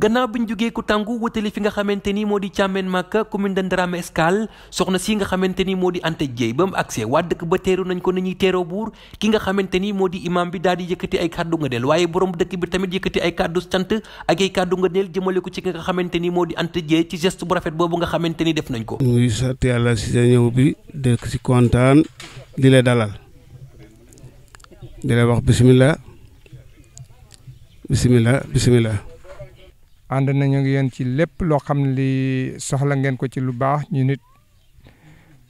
gannaaw bi ñu jógee ku tàngu wutali fi nga xamante ni moo di càmmeen màkka commune de Ndarame Escale soxna si nga xamante ni moo di Anta Dieye ba mu agsee waa dëkk ba teeru nañ ko nañuy teeroo buur ki nga xamante ni moo di imam bi daal di yëkkati ay kàddu nga del waaye borom dëkk bi tamit yëkkati ay kàddu cant ak ay nga del jëmale ko ci ki nga xamante ni moo di Anta Dieye ci geste bu rafet boobu nga xamante ni def nañ ko ñuy sant yàlla si sa si kontaan di la dalal wax bismillah bismillah bismillah ànd nañu ngi yéen ci lépp loo xam ne li soxla ngeen ko ci lu baax ñu nit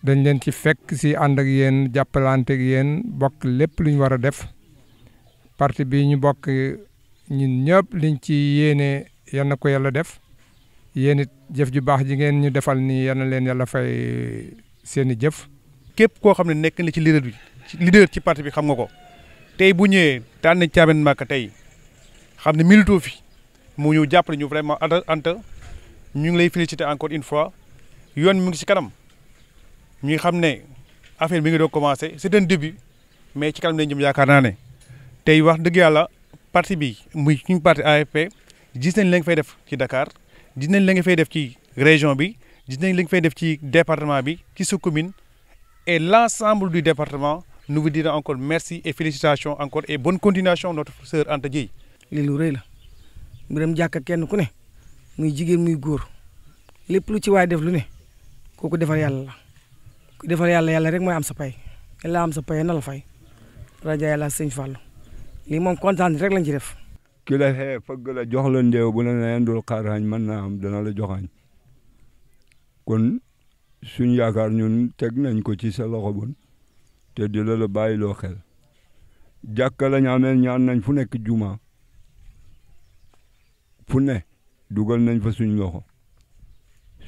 dañ leen ci fekk si ànd ak yéen jàppalante ak yéen bokk lépp lu ñu war a def parti bi ñu bokk ñun ñëpp liñ ci yéene yal na ko yàlla def yéen it jëf ju baax ji ngeen ñu defal ni yal leen yàlla fay seeni jëf. képp koo xam ne nekk na ci leader bi leader ci parti bi xam nga ko tey bu ñëwee tànn caaben màkk tey xam ne militu fi. mu ñu jàppale ñu vraiment Anta ñu ngi lay féliciter encore une fois yoon mu ngi ci kanam ñu xam ne affaire bi ngi doog commencer c'est un début mais ci kanam lañ jëm yaakaar naa ne tey wax dëgg yàlla partie bi muy suñu parti AFP gis nañ la fay def ci Dakar gis nañ la nga fay def ci région bi gis nañ la fay def ci département bi ci sa commune et l'ensemble du département nous vous dirons encore merci et félicitations encore et bonne continuation notre sœur Anta Dieye. lii la. mbiram jàkka kenn ku ne muy jigéen muy góor lépp lu ci waay def lu ne kooku defar yàlla la ku defar yàlla yàlla rek mooy am sa pay yàlla am sa pay na la fay rajo yàlla sëñ Fallou lii moom kontaan rek lañ ci def. ki la xee fëgg la jox la ndeew bu la nee ndul xaaraañ mën naa am dana la joxaañ kon suñ yaakaar ñun teg nañ ko ci sa loxo bon te di la la bàyyiloo xel jàkka la ñu ñaan nañ fu nekk juma. fu ne dugal nañ fa suñ loxo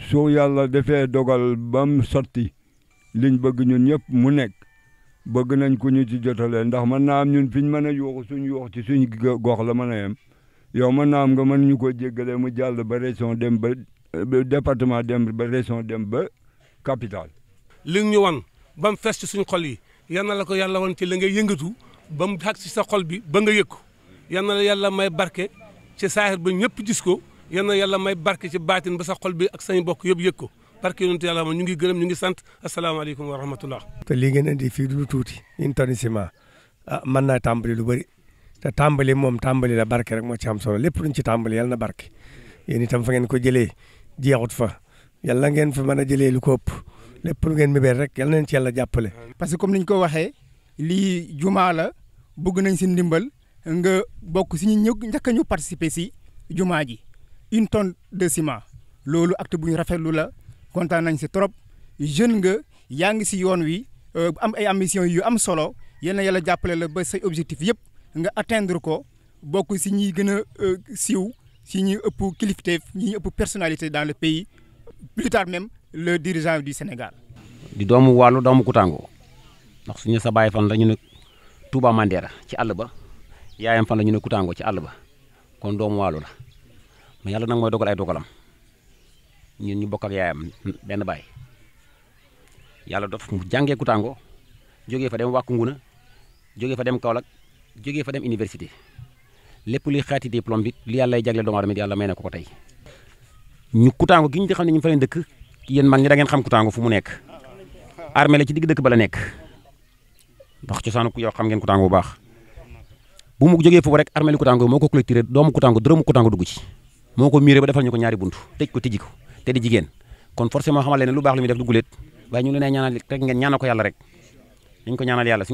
su yàlla defee dogal bam sotti liñ bëgg ñun ñëpp mu nekk bëgg nañ ku ñu ci jotalee ndax mën naa ñun fi ñu mën a yuuxu suñ yuux ci suñ gox la mën a yem yow mën naa am nga mën ñu ko jéggalee mu jàll ba région dem ba département dem ba région dem ba capitale li ñu wan ba fees ci suñ xol yi yal na la ko yàlla wan ci la ngay yëngatu ba mu ci sa xol bi ba nga yëg ko yal na la yàlla may barke ci saahir ba ñëpp gis ko yal na yàlla may barke ci baatin ba sa xol bi ak sañ bokk yëpp yëg ko barke yonent yàlla ma ñu ngi gërëm ñu ngi sant asalaamaaleykum wa rahmatullah te lii ngeen indi fii du lu tuuti une tonne ciment ah mën naa tàmbali lu bëri te tàmbali moom tàmbali la barke rek moo ci am solo lépp luñ ci tàmbali yàlla na barke yéen itam fa ngeen ko jëlee jeexut fa yàlla ngeen fa mën a jëlee lu ko ëpp lépp lu ngeen mébél rek yàlla nañ ci yàlla jàppale parce que comme niñ ko waxee lii jumaa la bëgg nañ si ndimbal nga bokk si ñu njëkk a ñu participer si jumaa ji une tonne de ciment loolu acte bu ñu rafetlu la kontaan nañ si trop jeune nga yaa ngi si yoon wi euh, am ay ambition yu am solo yéen yàlla jàppale la ba sa objectif yëpp nga atteindre ko bokk si ñi gën a euh, siiw si ñi ëpp kilifteef ñi ëpp personnalité dans le pays plus tard même le dirigeant du Sénégal. di doomu wàllu doomu Koutango ndax suñu sa bàyyi fan la ñu ne Touba ci àll ba. yaayam fan la ñu ne Koutango ci àll ba kon doomu waalo la mais yàlla nag mooy dogal ay dogalam ñun ñu bokk ak yaayam benn baay yàlla dof mu jàngee Koutango jógee fa dem wàkku nguna jógee fa dem Kaolack jógee fa dem université lépp luy xaati diplôme bi li yàlla lay jagle yàlla may na ko ko tey. ñu Koutango gi ñu di ñu fa leen dëkk yéen mag ñi da ngeen xam Koutango fu mu nekk armée la ci digg dëkk ba la nekk ndax cosaanu ku yow xam ngeen Koutango bu baax. bu mu jógee foofu rek armée li moo ko collecté doomu Koutango dërëmu Koutango dugg ci moo ko miiré ba defal ñu ko ñaari buntu tëj ko tijji ko te di jigéen kon forcément xamal leen ne lu baax lu muy def dugguleet waaye ñu leen ay ñaanal ko yàlla rek ñu ko ñaanal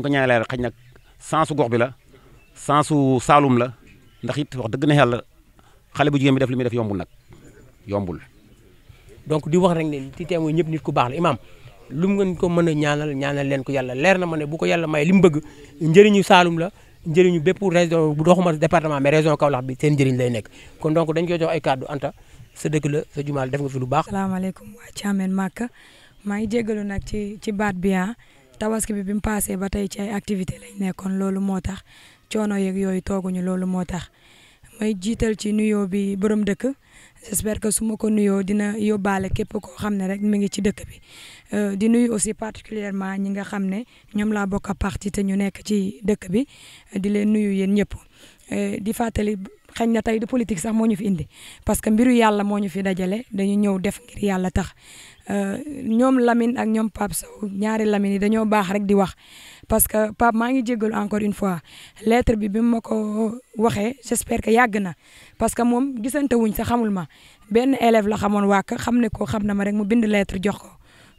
bi la sansu saalum la ndax wax dëgg na yàlla xale bu jigéen bi def li muy def yombul nag yombul donc di wax rek ne ci teemoo ñëpp nit ku baax la imaam lu mu ngeen ko mën a ñaanal ñaanal leen ko yàlla leer na ma ne bu ko yàlla may li mu bëgg njëriñu saalum la njëriñu bépp région bu doxuma département mais région Kaolack bi seen njëriñ lay nekk kon donc dañ koy jox ay kàddu Anta sa dëkk la sa jumaal def nga fi lu baax. salaamaaleykum waa Thiamène Màkka maa ngi jégalu nag ci ci baat bi ah tabaski bi bi mu paasee ba tey ci ay activité lañ nekkoon loolu moo tax coono yeeg yooyu tooguñu loolu moo tax may jiital ci nuyoo bi borom dëkk j'espère que su ma ko nuyoo dina yóbbaale képp koo xam ne rek mi ngi ci dëkk bi. Euh, di nuyu aussi particulièrement ñi nga xam ne ñoom laa bokk a parti te ñu nekk ci dëkk bi euh, di leen nuyu yéen ñëpp euh, di fàttali xëy na tey du politique sax moo ñu fi indi parce que mbiru yàlla moo ñu fi dajale dañu ñëw def ngir yàlla tax ñoom lamin ak ñoom Pape Sow ñaari Lamine yi dañoo baax rek di wax parce que Pape maa ngi jégalu encore une fois lettre bi bi ma ko waxee j'espère que yàgg na parce que moom gisante wuñ sa xamul ma benn élève la xamoon wàkk xam ne ko xam na ma rek mu bind lettre jox ko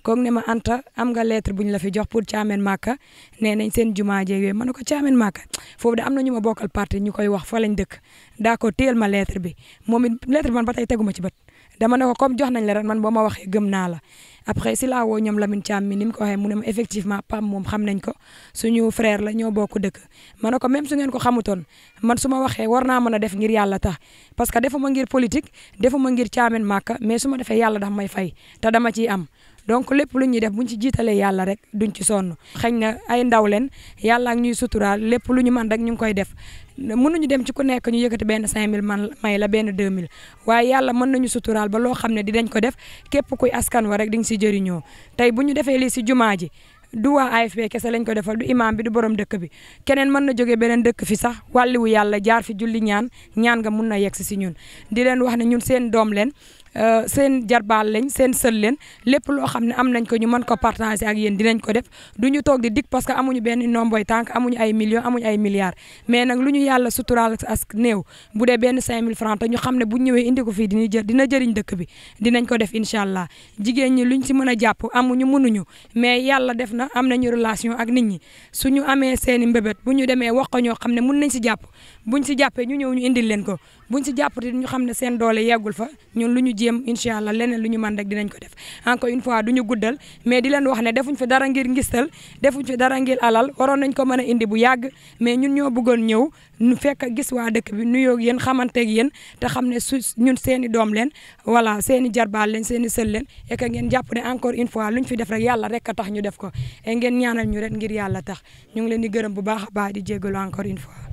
kooku ne ma Anta am nga lettre bu la fi jox pour Thiamène Màkka nee nañ seen jumaa jeeg ma ne ko Thiamène Màkka foofu de am na ñu ma bokkal parti ñu koy wax fa lañ dëkk d'accord téyel ma lettre bi moom it lettre bi man ba tey teguma ci bët dama ne ko comme jox nañ la rek man boo ma waxee gëm naa la après si laa woo ñoom Lamine Thiam mi ni mu ko waxee mu ne ma effectivement pam moom xam nañ ko suñu frère la ñoo bokk dëkk ma ne ko même su ngeen ko xamutoon man su ma waxee war naa mën a def ngir yàlla tax parce que defuma ngir politique defuma ngir Thiamène Màkka mais su defee yàlla daf may fay te dama ciy am donc lépp lu ñuy def buñ ci jiitalee yàlla rek duñ ci sonn xëy na ay ndaw leen yàlla ak ñuy suturaal lépp lu ñu mën rek ñu ngi koy def mënuñu dem ci ku nekk ñu yëkkati benn 5000 man may la benn 2000 waaye yàlla mën nañu suturaal ba loo xam ne dinañ ko def képp kuy askan wa rek di nga si jëriñoo tey bu ñu defee lii si jumaa ji du waa AFP kese lañ ko defal du imam bi du borom dëkk bi keneen mën na jógee beneen dëkk fi sax wàlliwu yàlla jaar fi julli ñaan ñaan nga mun na yegg si si ñun di wax ne ñun seen doom leen Euh, seen jarbaal lañ seen sël leen lépp loo xam ne am nañ ko ñu mën ko partager ak yen dinañ ko def du ñu toog di dik parce que amuñu benn nomboy tànk amuñu ay millions amuñu ay milliards mais nag lu ñu yàlla suturaal as néew bu dee benn 5000 francs te ñu xam ne bu ñëwee indi ko fii dina jë dina jëriñ dëkk bi dinañ ko def incha allah jigéen ñi lu ñu si mën a jàpp amuñu mënuñu mais yàlla def na am na ñu relation ak nit ñi su ñu amee seen i mbébét bu ñu demee wax ko ñoo xam ne mun nañ si jàpp bu ñu si jàppee ñu ñëw ñu indil leen ko buñ si jàppati ñu xam ne seen doole yeggul fa ñun lu ñu jéem incha allah leneen lu ñu man rek dinañ ko def encore une fois du ñu guddal mais di leen wax ne defuñ fi dara ngir ngistal defuñ dara ngir alal waroon nañ ko mën a indi bu yàgg mais ñun ñoo bëggoon ñëw ñu fekk gis waa dëkk bi nuyoog yéen xamanteeg yéen te xam ne su ñun seen doom leen voilà seen i jarbaal leen seen i leen et ngeen jàpp ne encore une fois luñ fi def rek yàlla rek a tax ñu def ko et ngeen ñaanal ñu rek ngir yàlla tax ñu ngi leen di gërëm bu baax a baax di jégalu encore une fois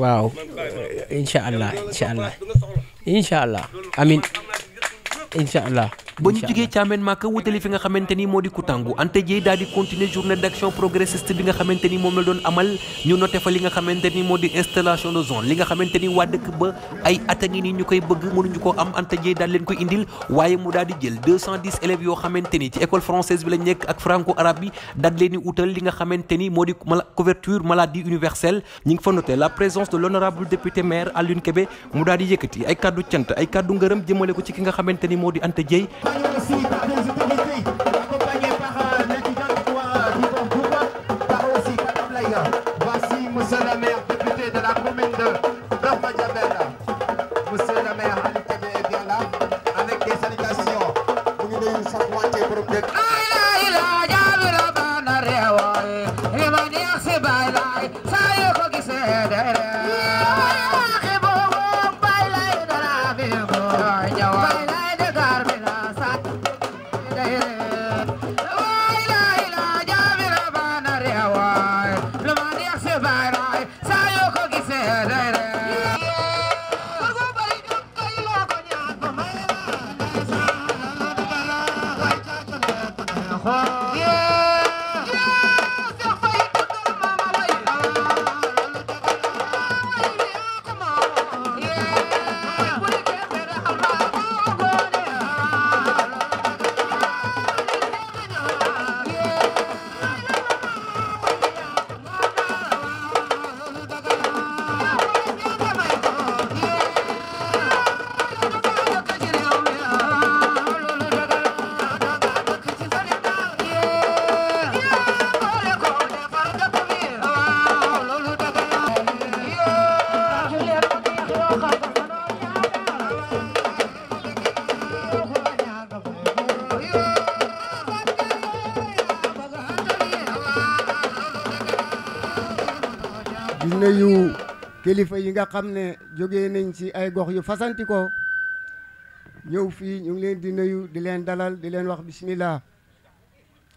waaw incha allah incha allah incha allah amin incha allah ba ñu jógee Thiamène Maka wutali fi nga xamante ni moo di Koutangu Anta Dieye continuer journée d'action progressiste bi nga xamante ni moom la doon amal ñu noté li nga xamante ni moo di installation de zone li nga xamante ni waa dëkk ba ay at nii ñu koy bëgg mënuñu koo am Anta Dieye leen koy indil waaye mu daal jël yoo xamante ni ci école française bi lañ nekk ak franco arabe bi daal leen di li nga xamante ni moo di moo di Anta Dieye kilifa yi nga xam ne jógee nañ ci ay gox yu fasanti ko ñëw fii ñu ngi leen di nuyu di leen dalal di leen wax bismillah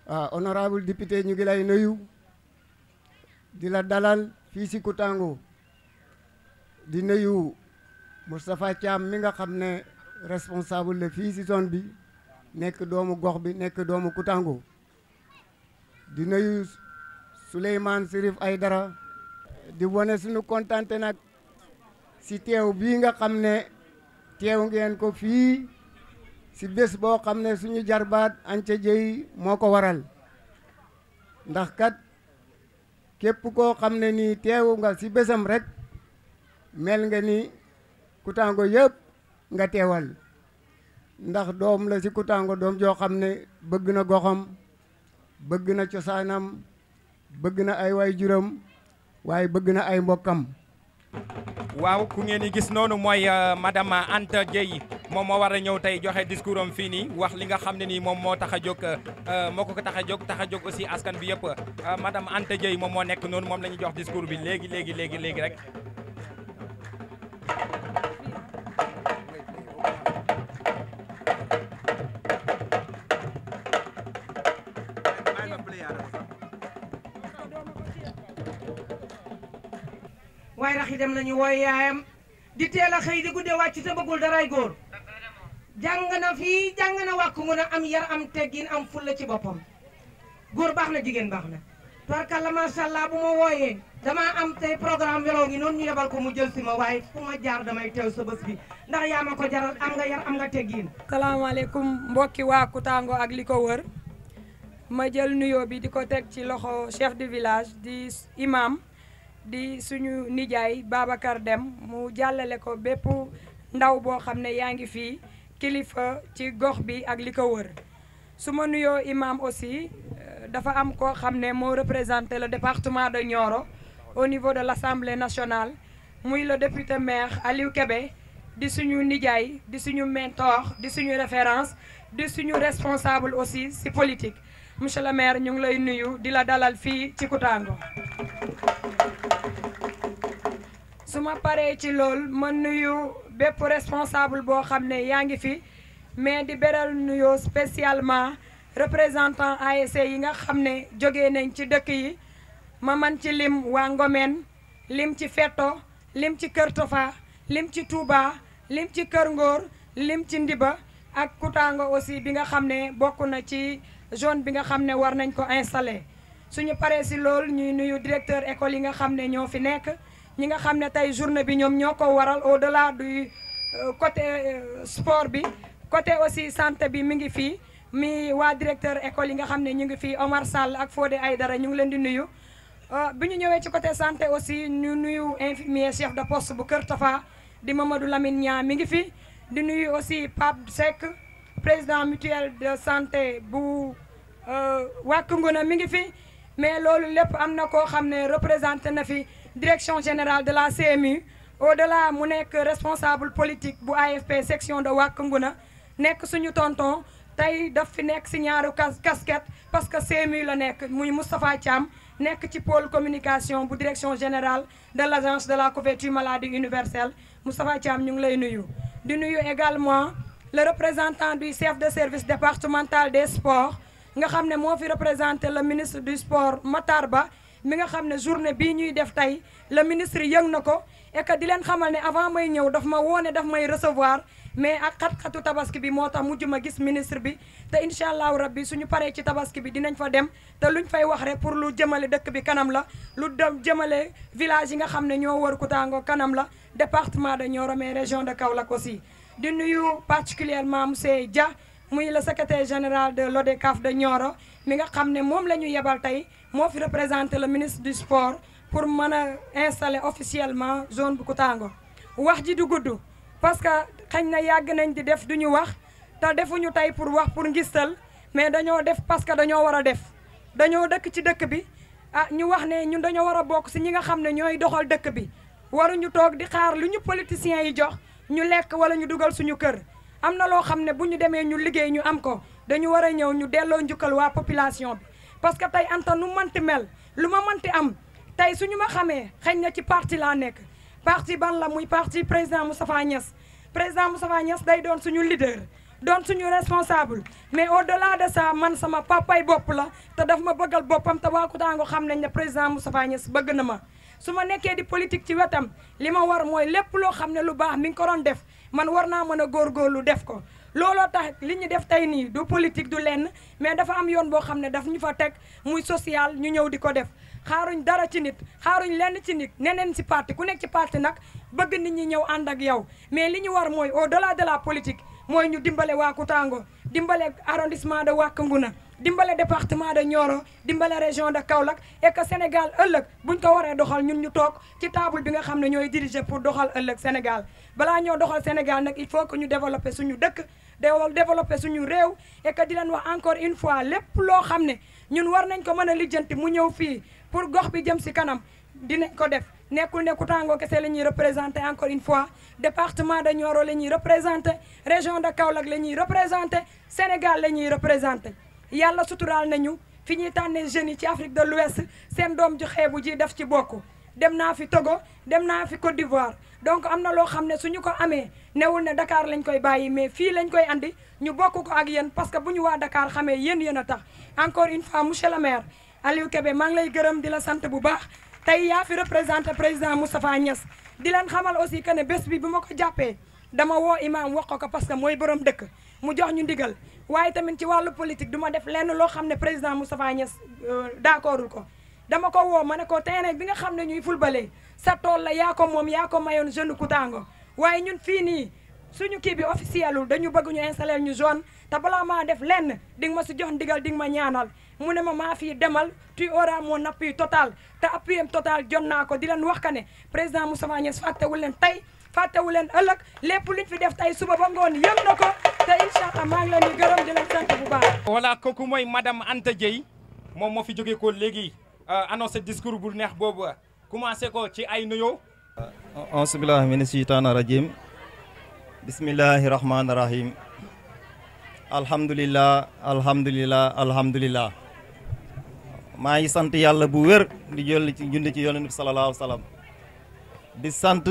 waaw ah, honorable député ñu ngi lay nayu di la dalal fii ci Koutango di nuyu Moustapha Thiam mi nga xam ne responsable la fii si zone bi nekk doomu gox bi nekk doomu Koutango di nuyu Souleymane Sirif Aydara di wane sunu kontante nag si teew bii nga xam ne teew ngeen ko fii si bés boo xam ne suñu jarbaat Anta Dieye moo ko waral ndax kat képp koo xam ne nii teewu nga si bésam rek mel nga ni Koutango yépp nga teewal ndax doom la si Koutango doom joo xam ne bëgg na goxam bëgg na cosaanam bëgg na ay way juram waaye bëgg na ay mbokkam waaw ku ngeen di gis noonu mooy euh, madame Anta Dieye moom moo war a ñëw tey joxe discours am fii nii wax li nga xam ne nii moom moo tax a jóg euh, moo ko tax a jóg tax a jóg aussi askan bi yëpp euh, madame Anta Dieye moom moo nekk noonu moom la ñuy jox discours bi léegi léegi léegi léegi rek xidam la ñu wooy yaayam di teel a xëy di gudde wàcc te bëggul daray góor jàng na fii jàng na wàkku ngu a am yar am teggin am fulla ci boppam góor baax na jigéen baax na tubarkàlla macha allah bu ma wooyee dama am tey programme weloo ngi noonu ñu yebal ko mu jël si ma waaye fu ma jaar damay teew sa bés bi ndax yaa ma ko jaral am nga yar am nga teggin salaamaaleykum mbokki waa tàngoo ak li ko wër ma jël nuyoo bi di ko teg ci loxo chef de village di di suñu nijaay Babacar Dem mu jàllale ko bépp ndaw boo xam ne yaa ngi fii kilifa ci gox bi ak li ko wër su ma nuyoo imam aussi euh, dafa am koo xam ne moo représenter le département de Nioro au niveau de l'Assemblée nationale muy le député maire Aliou kebe di suñu nijaay di suñu mentor di suñu référence di suñu responsable aussi ci politique monsieur le maire ñu ngi lay nuyu di la dalal fii ci Koutango su ma paree ci lool ma nuyu bépp responsable boo xam ne yaa ngi fi mais di beral nuyoo spécialement représentant ASC yi nga xam ne jóge nañ ci dëkk yi ma man ci lim waa Ngomeen lim ci Fetto lim ci Kër Tofa lim ci Touba lim ci Kër ngoor lim ci Ndiba ak Koutaanga aussi bi nga xam ne bokk na ci zone bi nga xam ne war nañ ko installé suñu paree si lool ñuy nuyu directeur école yi nga xam ne ñoo fi nekk ñi nga xam ne tey journée bi ñoom ñoo ko waral au delà du euh, côté euh, sport bi côté aussi santé bi mi ngi fii mi waa directeur école yi nga xam ne ñu ngi fi Omar Sall ak Fodé Aydara ñu ngi leen di nuyu euh, bi ñu ñëwee ci côté santé aussi ñu nuyu infirmier chef de post bu Kër Tafa di Mamadou lamin Niang mi ngi fi di nuyu aussi Pape Seck président mutuelle de santé bu Wàkk Nguna mi ngi fi mais loolu lépp am na koo xam ne représenté na fi direction générale de la CMU au la mu nekk responsable politique bu AFP section de Wack Ngouna nekk suñu tonton tey daf fi nekk si ñaaru casquette parce que CMU la nekk muy Moustapha Thiam nekk ci pôle communication bu direction générale de l' agence de la couverture maladie universelle Moustapha Thiam ñu ngi lay nuyu di nuyu également le représentant du chef de service départemental des sports nga xam ne moo fi représenter le ministre du sport Matar Ba mi nga xam ne journée bii ñuy def tey le ministre yëng na ko et que di leen xamal ne avant may ñëw daf ma woone daf may recevoir mais ak xat-xatu tabaski bi moo tax mujj ma gis ministre bi te incha allahu rabbi suñu paree ci tabaski bi dinañ fa dem te lu luñ fay wax rek pour lu jëmale dëkk bi kanam la lu dem jëmale village yi nga xam ne ñoo wër Koutango kanam la département de Nioro mais région de Kaolack aussi di nuyu particulièrement monsieur Dia muy le secrétaire général de l'ODCAV de Nioro mi nga xam ne moom la ñu yebal tey moo fi représenté la ministre du sport pour mën a installer officiellement zone bu tàngoo wax ji du gudd parce que xañ na yàgg nañ di def duñu wax te defuñu tey pour wax pour ngistal mais dañoo def parce que dañoo war a def dañoo dëkk ci dëkk bi ah ñu wax ne ñun dañoo war a bokk si ñi nga xam ne ñooy doxal dëkk bi waruñu toog di xaar lu ñu politiciens yi jox ñu lekk wala ñu dugal suñu kër am na loo xam ne bu ñu demee ñu liggéey ñu am ko dañu war a ñëw ñu delloo njukkal waa population bi parce que tey Anta nu manti mel lu ma manti am tey suñu ma xamee xëy na ci parti laa nekk parti ban la muy parti président Moustapha Niass président Moustapha Niass day doon suñu leader doon suñu responsable mais au laa de ça man sama papay bopp la te daf ma bëggal boppam te waa Koutango xam nañ ne président Moustapha Niass bëgg na ma su ma nekkee di politique ci wetam li ma war mooy lépp loo xam ne lu baax mi ngi ko doon def man war naa mën a lu def ko looloo tax li ñu def tey nii du politique du lenn mais dafa am yoon boo xam ne daf ñu fa teg muy social ñu ñëw di ko def xaaruñ dara ci nit xaaruñ lenn ci nit neneen si parti ku nekk ci parti nag bëgg nit ñi ñëw ànd ak yow mais li ñu war mooy au delà de la politique mooy ñu dimbale waa Koutango dimbalee arrondissement de Wack na dimbale département de Nioro dimbale région de Kaolack et Sénégal ëllëg buñ ko waree doxal ñun ñu toog ci table bi nga xam ne ñooy diriger pour doxal ëllëg Sénégal balaa ñoo doxal Sénégal nag il faut que ñu développer suñu dëkk déwol développer suñu réew et que di leen encore une fois lépp loo xam ne ñun war nañ ko mën a lijjanti mu ñëw fii pour gox bi jëm si kanam dinañ ko def nekkul ne Koutango kese la ñuy représenté encore une fois département de Nioro la ñuy représenté région de Kaolack la ñuy représenté Sénégal la ñuy représenté yàlla suturaal nañu fi ñuy tànnee jeunes yi ci Afrique de l'Ouest seen doom ju xeebu ji def ci bokk dem naa fi Togo dem naa fi Côte d'Ivoire donc am na loo xam ne suñu ko amee newul ne Dakar lañ koy bàyyi mais fii lañ koy andi ñu bokk ko ak yéen parce que bu ñu waa Dakar xamee yéen yéen a tax encore une fois monsieur le maire Aliou Kébé maa lay gërëm di la sant bu baax tey yaa fi représenté président Moustapha Niass di leen xamal aussi que ne bés bi bu ma ko jàppee dama woo imaam wax ko ko parce que mooy borom dëkk mu jox ñu ndigal waaye tamit ci wàllu politique du ma def lenn loo xam ne président Moustapha Niass euh, d'accordul ko dama ko woo ma ne ko terrain bi nga xam ne ñuy fulbalee sa tool la yaa ko moom yaa ko mayoon jeune Koutango waaye ñun fii nii suñu kii bi officielul dañu bëgguñu ñu ñu zone te balaa maa def lenn di nga ma si jox ndigal di ma ñaanal mu ne ma maa fii demal tu auras mon appui total te appui am total jot naa ko di leen wax ka ne président Moustapha Niasse fàttewul leen tey fàttewu leen ëllëg lépp luñ fi def tey suba ba ngoon yëm na ko te incha allah maa ngi gërëm di leen bu baax. voilà kooku mooy madame Anta Dieye moom moo fi jógee ko léegi euh, annoncé discours bu neex boobu commencé ko ci ay nuyoo. auzu billaahi mina sheytaani rajiim bismillaahi rahmaani rahiim alhamdulillah alhamdulillah maa ngi sant yàlla bu wér di jolli ci junni ci yonent bi salallaahu alayhi di sant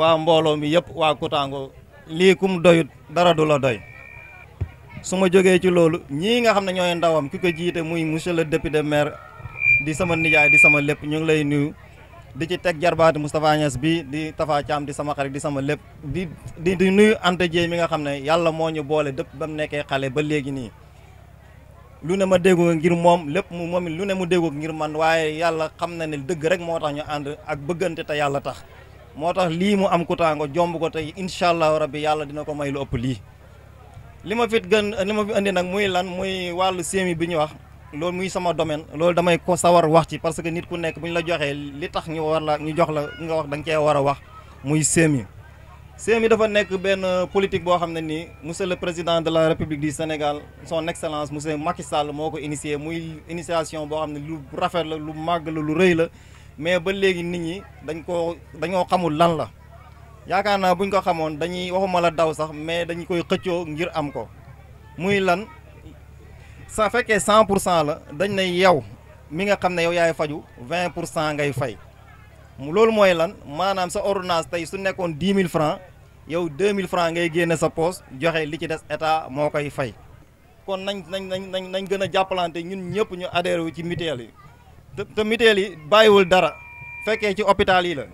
waa mbooloo mi yëpp waa Koutango lii kum doyut dara du la doy su ma jógee ci loolu ñii nga xam ne ñooy ndawam ki ko jiite muy monsieur le de maire di sama nijaay di sama lépp ñu ngi lay nuyu di ci teg jarbaati Moustapha Niass bi di Tafa Thiam di sama xarit di sama lépp di di nuy Anta Dieye mi nga xam ne yàlla moo ñu boole dëpp ba mu nekkee xale ba léegi nii lu ne ma dégg ngir moom lépp mu moom lu ne mu déggoo ngir man waaye yàlla xam na ne dëgg rek moo tax ñu ànd ak bëggante te yàlla tax moo tax lii mu am Koutango jomb ko tey incha allahu rabbi yàlla dina ko may lu ëpp lii. li ma fit gën li ma fi indi nag muy lan muy wàllu sémi bi ñu wax loolu muy sama domaine loolu damay ko sawar wax ci parce que nit ku nekk bu ñu la joxee li tax ñu war la ñu jox la nga wax danga cee war a wax muy sémi. CMU dafa nekk benn politique boo xam ne nii monsieur le président de la république du Sénégal son excellence monsieur Macky Sall moo ko initié muy initiation boo xam ne lu rafet la lu màgg la lu rëy la mais ba léegi nit ñi dañ koo dañoo xamul lan la yaakaar naa buñ ko xamoon dañuy waxuma la daw sax mais dañu koy xëccoo ngir am ko muy lan sa fekkee cent pour cent la dañ ne yow mi nga xam ne yow yaay faju vingt pour cent ngay fay loolu mooy lan maanaam sa ordonnance tey su nekkoon dix mille francs yow deux mille francs ngay génne sa poos joxe li ci des état moo koy fay kon nañ nañ nañ nañ nañ gën a jàppalante ñun ñëpp ñu adhéré wu ci mutuelle yi te te yi bàyyiwul dara fekkee ci hôpital yi la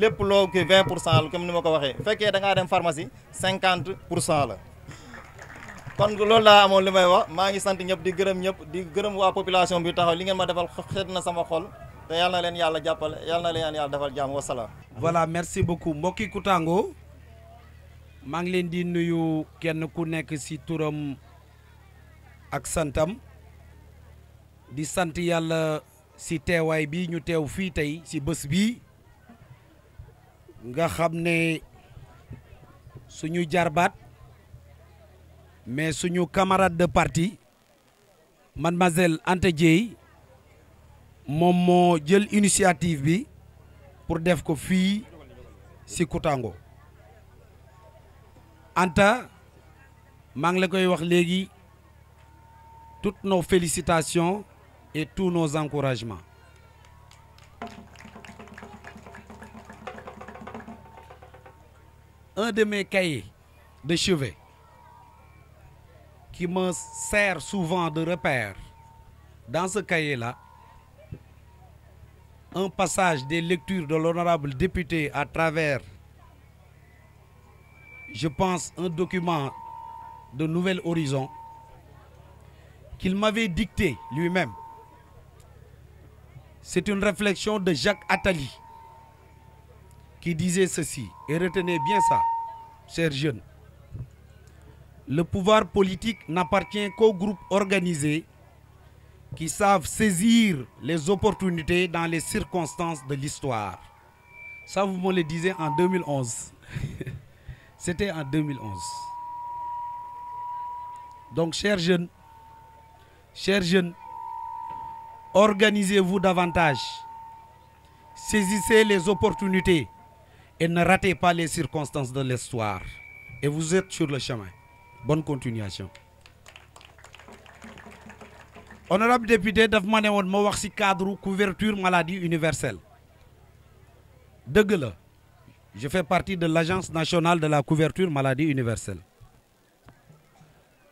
lépp loo ki vingt pour cent la comme ni ma ko waxee fekkee da ngaa dem pharmacie cinquante pour cent la kon loolu laa amoon li may wax maa ngi sant ñëpp di gërëm ñëpp di gërëm waa population bi taxaw li ngeen ma defal xet na sama xol te yal na leen yàlla jàppale yal na leen yàlla defal jàmm wasalaam. voilà merci beaucoup mbokki Koutango maa ngi leen di nuyu kenn ku nekk ci turam ak santam di sant yàlla ci teewaay bi ñu teew fii tey ci bés bi nga xam ne suñu jarbaat mais suñu camarade de parti mademoiselle Anta Dieye moom moo jël initiative bi pour def ko fii si Koutango Anta maa ngi la koy wax léegi toutes nos félicitations et tous nos encouragements un de mes cahiers de chevet qui ma sert souvent de repère dans ce cahier-là un passage des lectures de l'honorable député à travers, je pense, un document de Nouvel Horizon qu'il m'avait dicté lui-même. C'est une réflexion de Jacques Attali qui disait ceci, et retenez bien ça, chers jeune Le pouvoir politique n'appartient qu'au groupe organisé qui savent saisir les opportunités dans les circonstances de l'histoire. Ça, vous me le disiez en 2011. C'était en 2011. Donc, chers jeunes, chers jeunes, organisez-vous davantage. Saisissez les opportunités et ne ratez pas les circonstances de l'histoire. Et vous êtes sur le chemin. Bonne continuation. honorable député daf ma ne woon ma wax ci cadre couverture maladie universelle dëgg la je fais partie de l'agence nationale de la couverture maladie universelle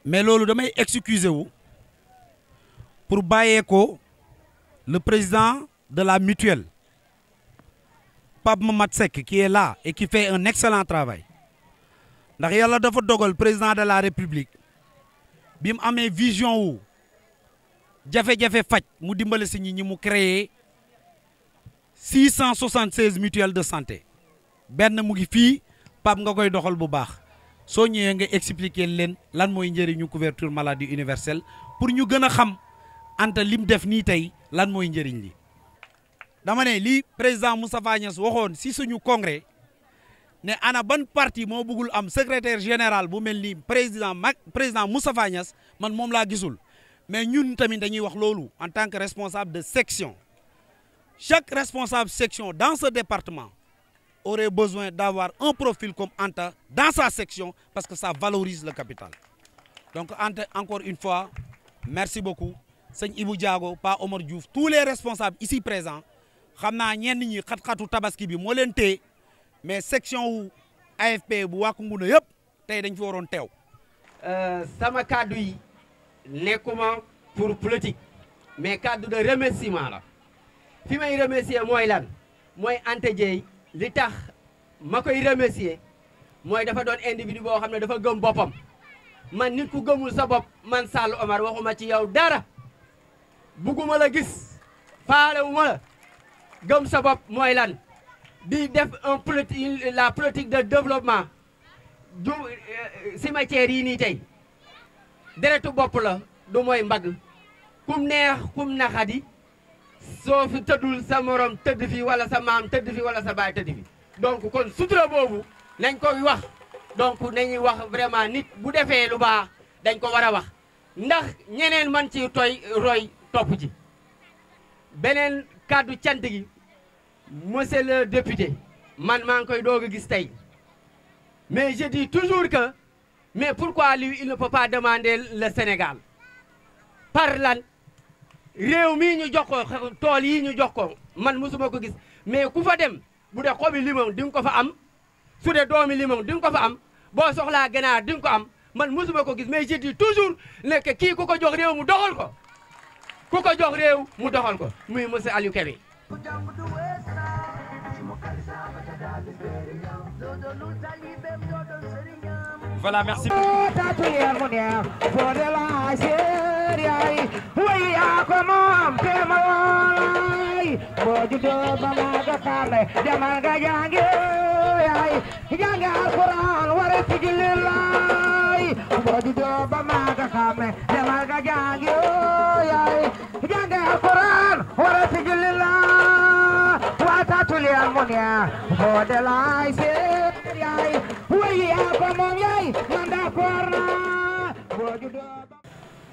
mais loolu damay excuser wu pour bàyyee ko le président de la mutuelle Pape Mamat Seck qui est là et qui fait un excellent travail ndax yàlla dafa dogal président de la république bi mu amee vision wu jafe-jafe faj mu dimbale si ñi ñi mu créé 676 mutuelles de santé benn mu gi fii Pape nga koy doxal bu baax soo ñëwee nga expliquer leen lan mooy njëriñu couverture maladie universelle pour ñu gën a xam anta lim def nii tey lan mooy njëriñ li. dama ne li président Moustapha Niass waxoon si suñu congrès ne ana ban parti moo bëggul am secretaire général bu mel ni président Mac président Moustapha man moom laa gisul. mais ñun tamit dañuy wax loolu en tant que responsable de section chaque responsable section dans ce département aurait besoin d'avoir un profil comme Anta dans sa section parce que ça valorise le capital donc Anta encore une fois merci beaucoup sëñ Ibou jaago Pa Omar Diouf tous les responsables ici présents xam naa ñenn ñi xat-xatu tabaski bi moo leen téye mais section wu AFP bu wàkku ngu na yëpp tey dañ fi waroon teew euh, sama nekkuma pour politique mais kàddu de remerciement la fi may remercier mooy lan mooy Anta Dieye li tax ma koy remercier mooy dafa doon individu boo xam ne dafa gëm boppam man nit ku gëmul sa bopp man Sall Omar waxuma ci yow dara bugguma la gis faalewuma la gëm sa bopp mooy lan di def un politique la politique de développement du euh, cimetière yi nii tey deretu bopp la du mooy mbagg kum neex kum naxadi soo fi tëddul sa morom tëdd fi wala sa maam tëdd fi wala sa baay tëdd fi donc kon sutura boobu nañ ko wax donc nañuy wax vraiment nit bu defee lu baax dañ ko war a wax ndax ñeneen man ci toy roy topp ji beneen kàddu cant gi monsieur le député man maa ngi koy doog a gis tey mais je dis Mais pourquoi ko il ne peut pas demander le Sénégal par lan réew mii ñu jox ko tool yii ñu jox ko man mosuma ko gis mais ku fa dem bu de xobi limoŋ di ko fa am su dee doomi limoŋ di ko fa am boo soxlaa ganaar di ko am man mosuma ko gis mais je dis toujours nekk kii ku ko jox réew mu doxal ko ku ko jox réew mu doxal ko muy monsieur Aliou Kébé voilà merci boo juddoo ba maa ga tàlle demal nga jàngi yaay jàngi alquran war a tijjil laay boo juddoo ba maa ga xàmme demal nga jàngi julli harmonia boo delaay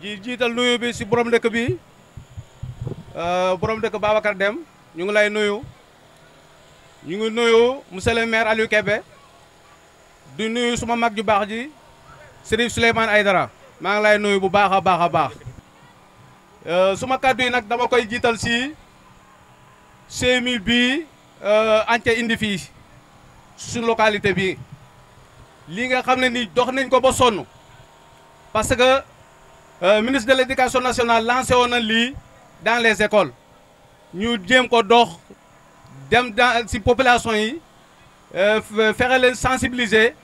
ji jiital nuyu bi si borom dëkk bi euh, borom dëkk Babacar Deme ñu ngi lay nuyu ñu ngi nuyu monsieur le maire Aliou du nuyu suma mag ju baax ji Serif ay dara maa ngi lay nuyu bu baax a baax a baax euh, suma nag dama koy jiital si CMU bii Euh, ante indi fii suñu localité bi lii nga xam ne ni dox nañ ko ba sonn parce que euh, ministre de l' éducation nationale lancé woon na lii dans les écoles ñu jéem ko dox dem dans si population yi euh, fexe leen sensibiliser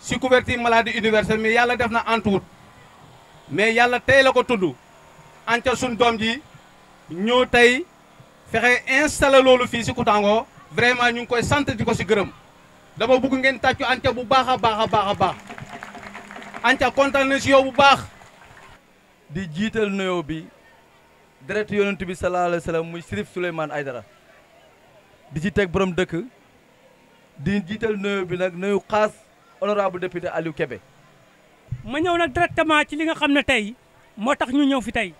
si couverture maladie universelle mais yàlla def na antuwut mais yàlla tey la ko tudd ante suñ doom ji ñëw tey fexe installé loolu fii si Koutango vraiment ñu ngi koy sant di ko si gërëm dama bugg ngeen tàccu Antia bu baax a baax a baax a baax Antia kontaan si yow bu baax. di jiital nuyoo bi direct yonent bi sallallahu alayhi wa sallam muy Sirif ay dara di ci teg borom dëkk di jiital nuyoo bi nag nuyu xaas honorable député Aliou Kébé. ma ñëw nag directement ci li nga xam ne tey moo tax ñu ñëw fi tey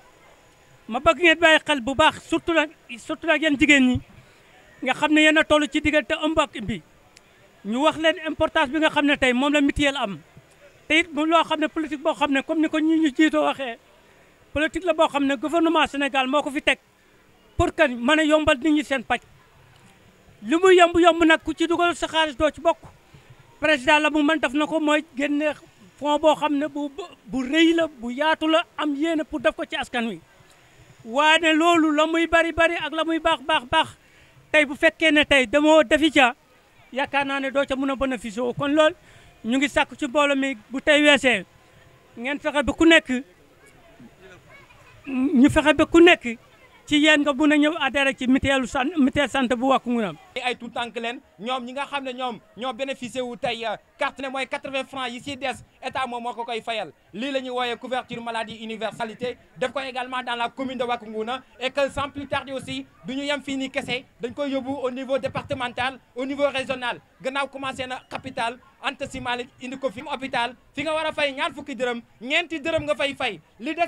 ma bëgg ngeen bàyyi xel bu baax surtout nag surtout nag yéen jigéen ñi. nga xam ne yéen a toll ci diggante ëmb ak bi ñu wax leen importance bi nga xam ne tey moom la mutuelle am te it mu loo xam ne politique boo xam ne comme ni ko ñi ñu jiitoo waxee politique la boo xam ne gouvernement Sénégal moo ko fi teg pour que mën a yombal nit ñi seen paj li muy yomb-yomb nag ku ci dugal sa xaalis doo ci bokk président la mu man def na ko mooy génne fond boo xam ne bu bu rëy la bu yaatu la am yéene pour def ko ci askan wi waaye ne loolu la muy bari bari ak la muy baax baax baax tey bu fekkee ne tey demoo defi ca yaakaar naa ne doo ca mën a bénéficié woo kon lool ñu ngi sàkk ci mbooloo mi bu tey weesee ngeen fexe ba ku nekk ñu fexe ba ku nekk ci yéen nga bu a ñëw adhéré ci mutuelle san mutuelle santé bu Wakunguna ay tout leen ñoom ñi nga xam ne ñoom ñoo bénéficié wu tey euh, carte ne mooy 80 francs yi si des état moom moo ko koy fayal lii la ñuy wooyee maladi maladie universalité def ko également dans la commune de Wakunguna et que sans plus tarder aussi du ñu fii ni kese dañ koy yóbbu au niveau départemental au niveau régional gannaaw commencé na capital Anta Sy indi ko fi mu hôpital fi nga war a fay ñaar fukki dërëm ñeenti dërëm nga fay fay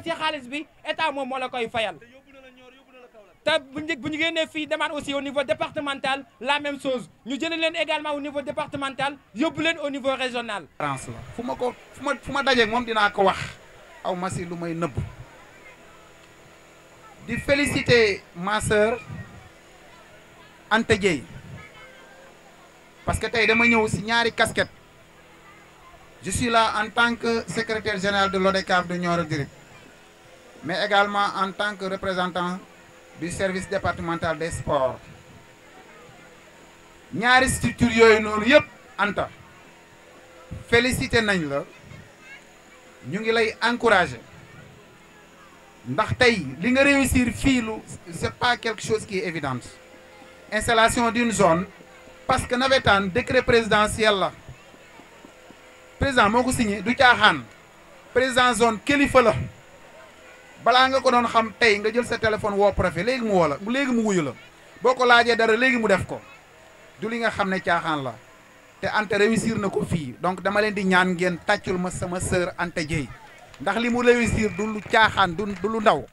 xaalis bi état moom moo la koy fayal te bu njëkk bu ñu génnee fii demaat aussi au niveau départemental la même chose ñu jëlee leen également au niveau départemental yóbbu leen au niveau régional. France la fu ma ko fu ma fu ma dajeeg moom dinaa ko wax aw ma lu may nëbb di féliciter ma sœur parce que tey dama ñëw si ñaari casquette je la en tant que secrétaire général de l'ODCAV de Nioro Direct mais également en tant que représentant. du service départemental des sports ñaari structure yooyu noonu yëpp Anta félicité nañ la ñu ngi lay encouragé ndax tey li nga réussir fii lu c'est pas quelque chose qui est évidente installation d'une zone parce que nawetaan décret présidentiel la président moo ko signé du caaxaan président zone kilifa la balaa nga ko doon xam tey nga jël sa téléphone woo préfet léegi mu woo la léegi mu wuyu la boo ko laajee dara léegi mu def ko du li nga xam ne caaxaan la te Anta réussir na ko fii donc dama leen di ñaan ngeen tàccul ma sama sœur Anta Dieye ndax li mu réussir du lu caaxaan du du lu ndaw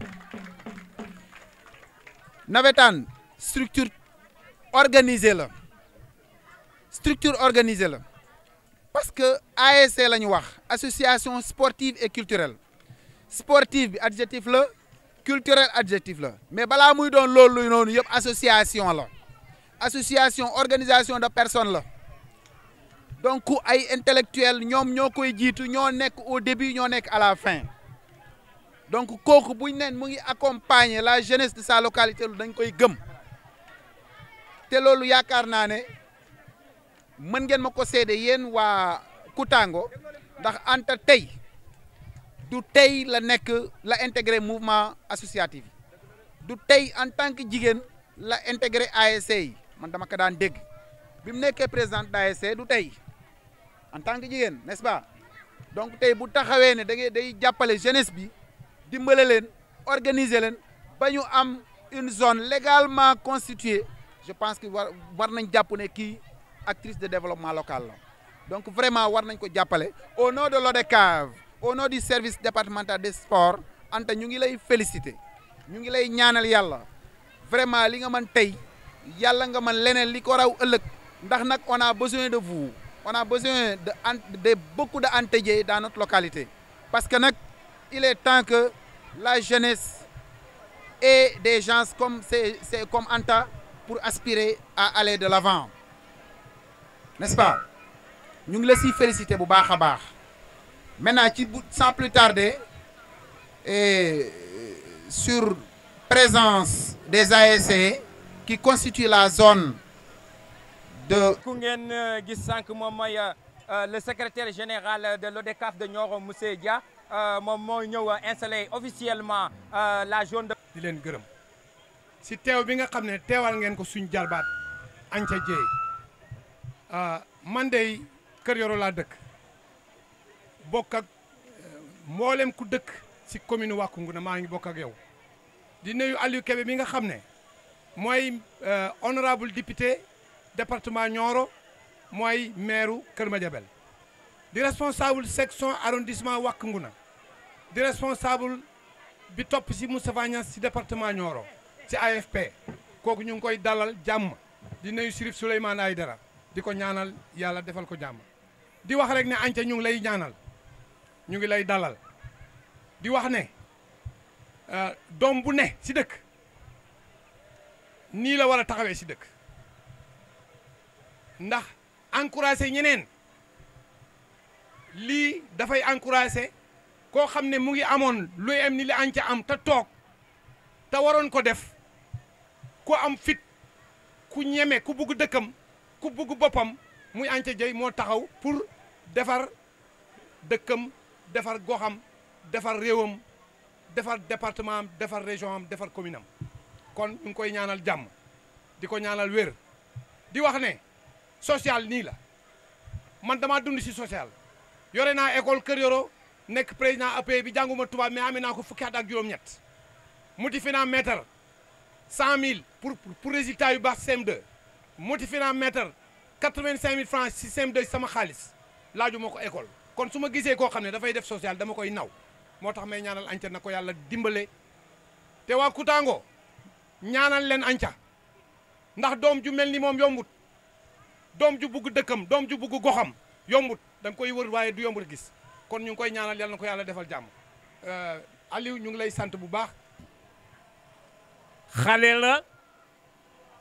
nawetaan structure organisée la structure organisée la parce que la ñu wax association sportive et culturelle sportive bi adjectif la culturel adjectif la mais balaa muy doon loolu noonu yëpp association la association organisation de personnes la donc ay intellectuels ñoom ñoo koy jiitu ñoo nekk au début ñoo nekk à la fin donc kooku buñ neen mu ngi accompagner la jeunesse de sa localité lu dañ koy gëm te loolu yaakaar naa ne mën ngeen ma ko seede yéen waa ku Koutango ndax Anta tey du tey la nekk la intégré mouvement associatif du tey en tant que jigéen la intégré ASC man dama ko daan dégg bi mu nekkee président d'ASC du tey en tant que jigéen n'est-ce pas donc tey bu taxawee ne da ngay day jàppale jeunesse bi dimbale leen organiser leen ba ñu am une zone légalement constituée je pense que war war nañ jàpp ne kii actrice de développement local la donc vraiment war nañ ko jàppale au nom de l'ODECAV au nom du service départemental de sports Anta ñu ngi lay féliciter ñu ngi lay ñaanal yàlla vraiment li nga mën tey yàlla nga mën leneen li ko raw ëllëg ndax nag on a besoin de vous on a besoin de de beaucoup de Antejé dans notre localité parce que nag il est temps que la jeunesse ait des gens comme c'est c'est comme Anta pour aspirer à aller de l'avant n'est-ce pas ñu ngi la siy féliciter bu baax a baax maintenant ci bu sans plus tarder et sur présence des ASC qui constituent la zone de. ku ngeen euh, gis sànq moom mooy euh, euh, le secrétaire général de l'ODCAV de Nioro Moussé Dia moom moo ñëw installer officiellement la zone de. di leen gërëm si teew bi nga xam ne teewal ngeen ko suñ jarbaat Anca Dieye man de Kër Yoro laa dëkk. bokk ak eh, mboolem ku dëkk si commune Wack Ngouna maa ngi bokk ak yow di nuyu Aliou Kébé mi nga xam ne mooy eh, honorable député département Nioro mooy maire Kër Madiabel di responsable section arrondissement Wack Ngouna di responsable bi topp si Moustapha Niass si département Nioro si AFP kooku ñu ngi koy dalal jàmm di nuyu Chérif Souleymane Aïdara di ko ñaanal yàlla defal ko jàmm di wax rek ne Anta ñu ngi lay ñaanal ñu ngi lay dalal di wax ne euh, doom bu ne si dëkk nii la war a taxawee si dëkk ndax encourager ñeneen lii dafay encourager koo xam ne mu ngi amoon luy am ni li an ca am te toog te waroon ko def ku am fit ku ñeme ku bugg dëkkam ku bugg boppam muy anca jëy moo taxaw pour defar dëkkam defar goxam defar réewam defar département defar région defar commune kon ñu ngi koy ñaanal jàmm di ko ñaanal wér di wax ne social nii la man damaa dund si social yore naa école Kër Yoro nekk président APE bi jànguma tubaab mais ame naa ko fukki at ak juróom-ñett motivé naa mètre cent mille pour pour résultat yu baax CM2 fi naa mètre quatre-vingt-cinq mille francs si CM2 sama xaalis laaju ma ko école. kon su ma gisee koo xam ne dafay def social dama koy naw moo tax may ñaanal Anca na ko yàlla dimbale te waa Koutango ñaanal leen Anca ndax doom ju mel ni moom yombut doom ju bugg dëkkam doom ju bugg goxam yombut da koy wër waaye du yombut gis kon ñu ngi koy ñaanal yàlla na ko yàlla defal jàmm euh, Aliou ñu ngi lay sant bu baax. xale la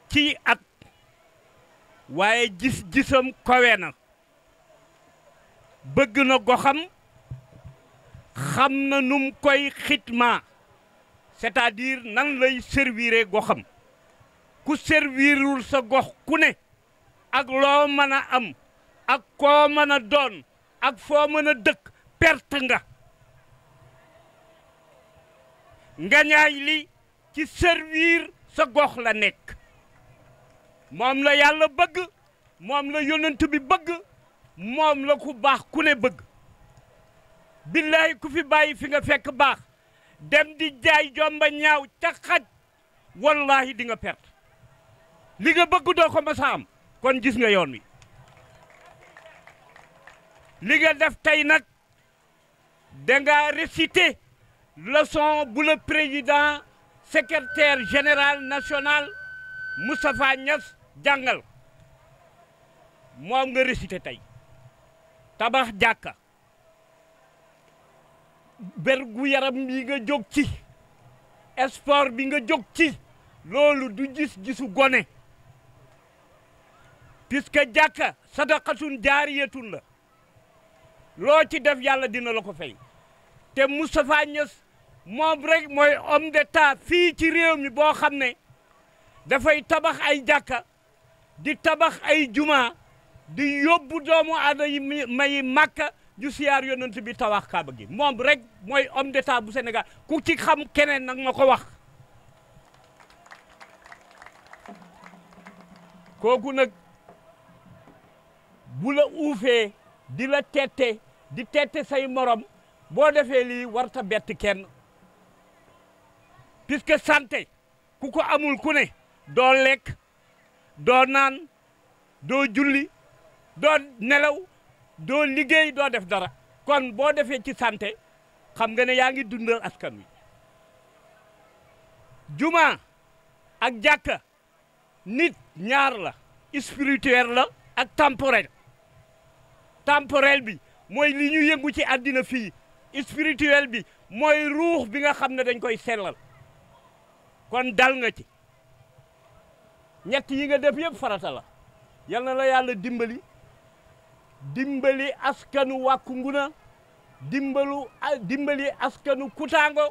ci at waaye gis-gisam kawe bëgg na goxam xam na num koy xitma c'est-à-dire nan lay servire goxam ku servirul sa gox ku ne ak loo mën a am ak koo mën a doon ak foo mën a dëkk perte nga ngañaay li ci servir sa gox la nekk moom la yàlla bëgg am la yonent bi bëgg moom la ku baax ku ne bëgg billaay ku fi bàyyi fi nga fekk baax dem di jaay jomba ñaaw ca xaj wallaahi di nga perte li nga bëgg doo ko masa kon gis nga yoon wi li nga def tey nag da nga récité leçon bu le président secrétaire général national Moustapha ñas jàngal moom nga récité tey tabax jàkka bergu yaram bi nga jóg ci sport bi nga jóg ci loolu du gis-gisu gone puisque jàkka sadaqatun jaariyatun la loo ci def yàlla dina la ko fay te Moustapha Niass moom rek mooy homme d'état fii ci réew mi boo xam ne dafay tabax ay jàkka di tabax ay jumaa di yóbbu doomu aada yi mayi màkka ju siyaar yonent bi tawax kaaba gi moom rek mooy homme d'état bu senegal ku ci xam keneen nag ma ko wax kooku nag bu la uufee di la tette di tette say morom boo defee lii warta bett kenn puisque santé ku ko amul ku ne doo lekk doo naan doo julli doo nelaw doo liggéey doo def dara kon boo defee ci santé xam nga ne yaa ngi dundal askan wi juma ak jàkka nit ñaar la spirituel la ak temporel temporel bi mooy li ñu yëngu ci àddina fii spirituel bi mooy ruux bi nga xam ne dañ koy sellal kon dal nga ci ñett yi nga def yëpp farata la yal la yàlla dimbali dimbali askanu wàkku nguna dimbalu dimbali askanu kutaango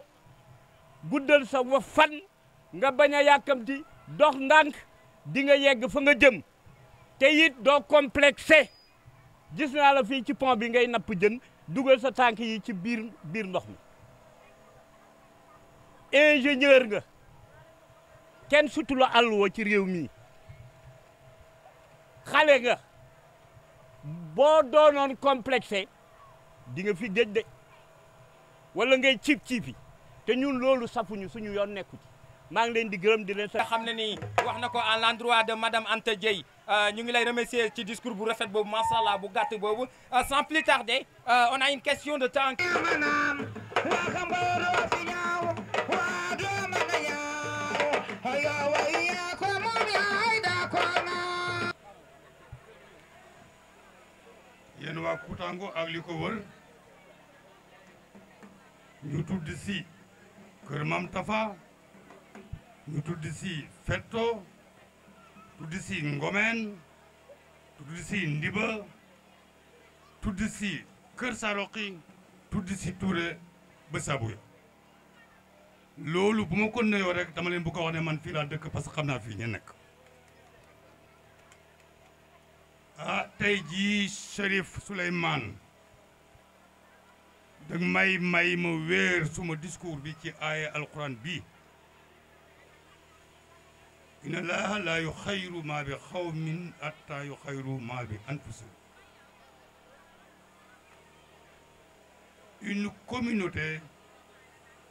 guddal sa wa fan nga bañ a yàkkamti dox ndànk di nga yegg fa nga jëm te it doo complexé gis naa la fii ci pont bi ngay napp jën dugal sa tànk yi ci biir biir ndox mi ingénieur nga kenn sutu la àlluwa ci réew mi xale nga boo doonoon complexé di nga fi géej de wala ngay ciip ciipi te ñun loolu safuñu suñu yoon nekku ci maa ngi leen di gërëm di leen. nga xam ne ni wax na ko à l'endroit de madame Anta Dieye euh, ñu ngi lay remercier ci discours bu rafet boobu macha allah bu gàtt boobu euh, sans plus tarder euh, on a une question de temps. yéen waa Koutango ak li ko wër ñu tudd si Kër Mam Tafa ñu tudd si Fetto tudd si Ngomen tudd si Ndiba tudd si Kër Saroki tudd ci Touré ba Sabuya loolu bu ma ko nuyoo rek dama leen bu ko wax ne man fii laa dëkk parce que xam naa fii ñu nekk ah tey jii Cherif Souleymane dag may may ma wéer suma discours bi ci aaya alquran bi inna laaha yu xayru maa bi xawmin atta yu xayru maa bi anfusihim une communauté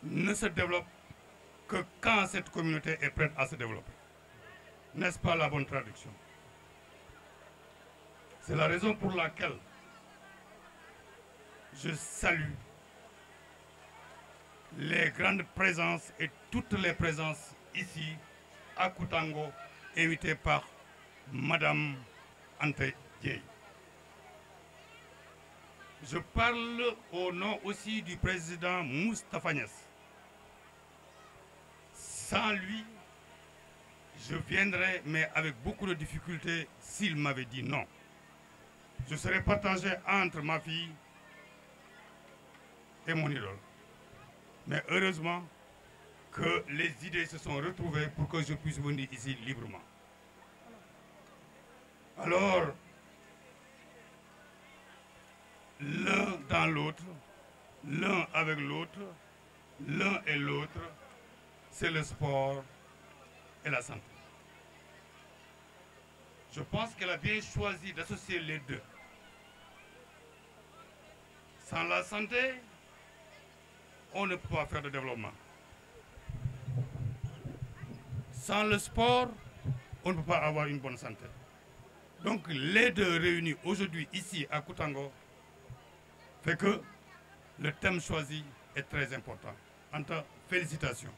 ne se développe que quand cette communauté à se développer nest pas la bonne traduction C'est la raison pour laquelle je salue les grandes présences et toutes les présences ici à Koutango, invitées par Madame Ante Dieye. Je parle au nom aussi du président Moustapha Niasse. Sans lui, je viendrais, mais avec beaucoup de difficultés, s'il m'avait dit non. je serai partagé entre ma fille et mon idole. Mais heureusement que les idées se sont retrouvées pour que je puisse venir ici librement. Alors, l'un dans l'autre, l'un avec l'autre, l'un et l'autre, c'est le sport et la santé. Je pense qu'elle a bien choisi d'associer les deux. Sans la santé, on ne peut pas faire de développement. Sans le sport, on ne peut pas avoir une bonne santé. Donc les deux réunis aujourd'hui ici à Koutango fait que le thème choisi est très important. Anta, félicitations.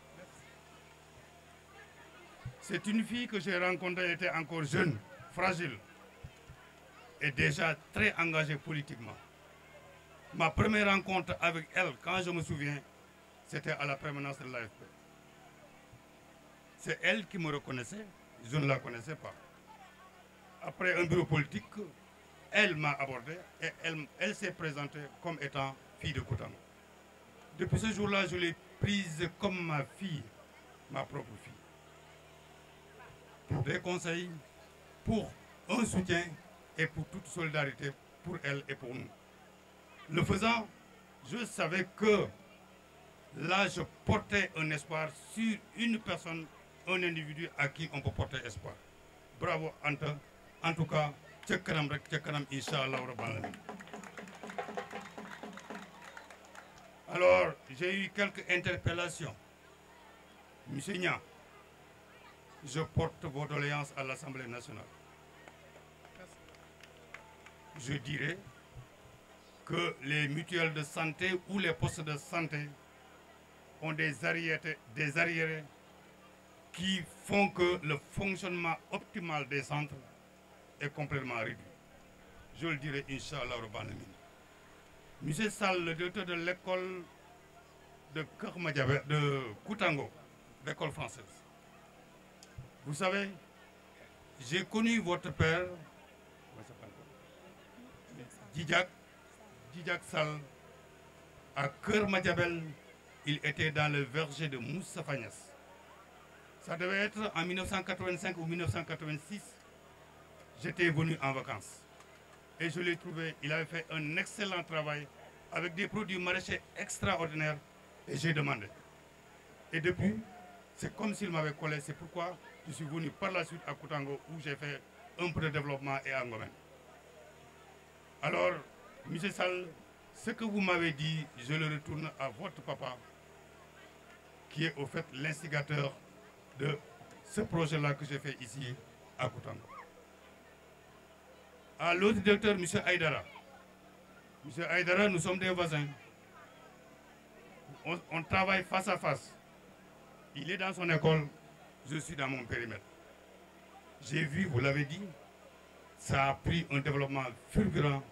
C'est une fille que j'ai rencontrée, elle était encore jeune. fragile et déjà très engagée politiquement. Ma première rencontre avec elle, quand je me souviens, c'était à la permanence de l'AFP. C'est elle qui me reconnaissait, je ne la connaissais pas. Après un bureau politique, elle m'a abordé et elle, elle s'est présentée comme étant fille de Koutama. Depuis ce jour-là, je l'ai prise comme ma fille, ma propre fille. des conseils, pour un soutien et pour toute solidarité pour elle et pour nous. Le faisant, je savais que là, je portais un espoir sur une personne, un individu à qui on peut porter espoir. Bravo Anta, en tout cas, ca kanam rek ca kanam incha allahu rabbal alamin. Alors, j'ai eu quelques interpellations. Monsieur Nia, je porte vos doléances à l'Assemblée nationale. je dirais que les mutuelles de santé ou les postes de santé ont des arriérés, des arriérés qui font que le fonctionnement optimal des centres est complètement réduit. Je le dirai, Inch'Allah, Rabbanamine. Monsieur Sall, le directeur de l'école de Kermadiabé, de Koutango, l'école française. Vous savez, j'ai connu votre père Djidjak, Djidjak Sal, à Cœur Madjabel, il était dans le verger de Moussa Fagnas. Ça devait être en 1985 ou 1986. J'étais venu en vacances. Et je l'ai trouvé, il avait fait un excellent travail avec des produits maraîchers extraordinaires et j'ai demandé. Et depuis, c'est comme s'il m'avait collé. C'est pourquoi je suis venu par la suite à Koutango où j'ai fait un peu développement et à Alors, Monsieur Sall, ce que vous m'avez dit, je le retourne à votre papa, qui est au fait l'instigateur de ce projet-là que j'ai fait ici à Koutango. À l'autre directeur, M. Aïdara. M. Aïdara, nous sommes des voisins. on, travaille face à face. Il est dans son école, je suis dans mon périmètre. J'ai vu, vous l'avez dit, ça a pris un développement fulgurant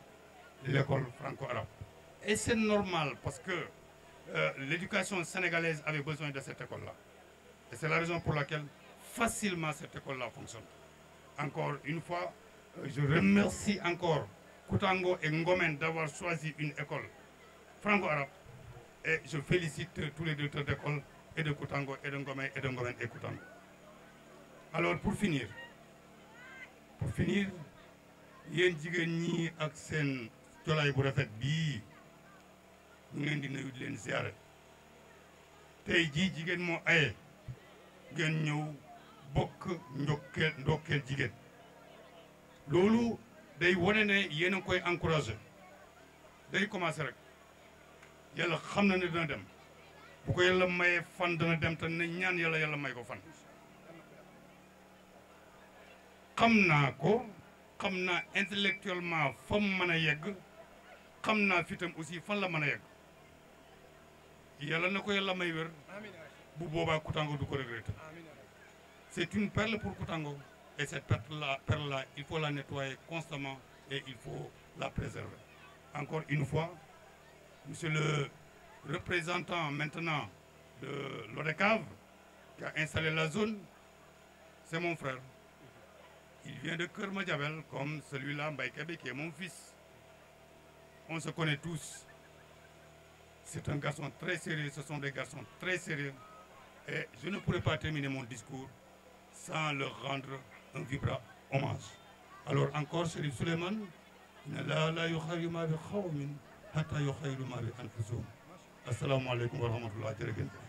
l'école franco-arabe. Et c'est normal parce que euh, l'éducation sénégalaise avait besoin de cette école-là. Et c'est la raison pour laquelle facilement cette école-là fonctionne. Encore une fois, euh, je remercie encore Koutango et Ngomen d'avoir choisi une école franco-arabe. Et je félicite tous les directeurs d'école et de Koutango et de Ngomen et de Ngomen et Koutango. Alors pour finir, pour finir, yéen jigéen ñi ak seen colaay bu rafet bii ñu ngi leen di nuyu leen ziare tey jii jigéen moo aye ngeen ñëw bokk ndokkeel ndokkeel jigéen loolu day wane ne yéen a koy encouragé day commencé rek yàlla xam na ne dana dem bu ko yàlla mayee fan dana dem te ne ñaan yàlla yàlla may ko fan xam naa ko xam naa intellectuellement fa mu mën a yegg xam naa fitam aussi fan la mën a yegg yàlla na ko yàlla may bu boobaa Koutango du ko regretter c'est une perle pour Koutango et cette perle là perle là il faut la nettoyer constamment et il faut la préserver encore une fois monsieur le représentant maintenant de l'ODECAV qui a installé la zone c'est mon frère Il vient de Kermadiabel comme celui-là, Mbaïkebe, qui est mon fils. On se connaît tous. C'est un garçon très sérieux, ce sont des garçons très sérieux. Et je ne pourrais pas terminer mon discours sans leur rendre un vibrant hommage. Alors encore, Chérif Souleymane, asalaamaaleykum wa rahmatulah jërëjëf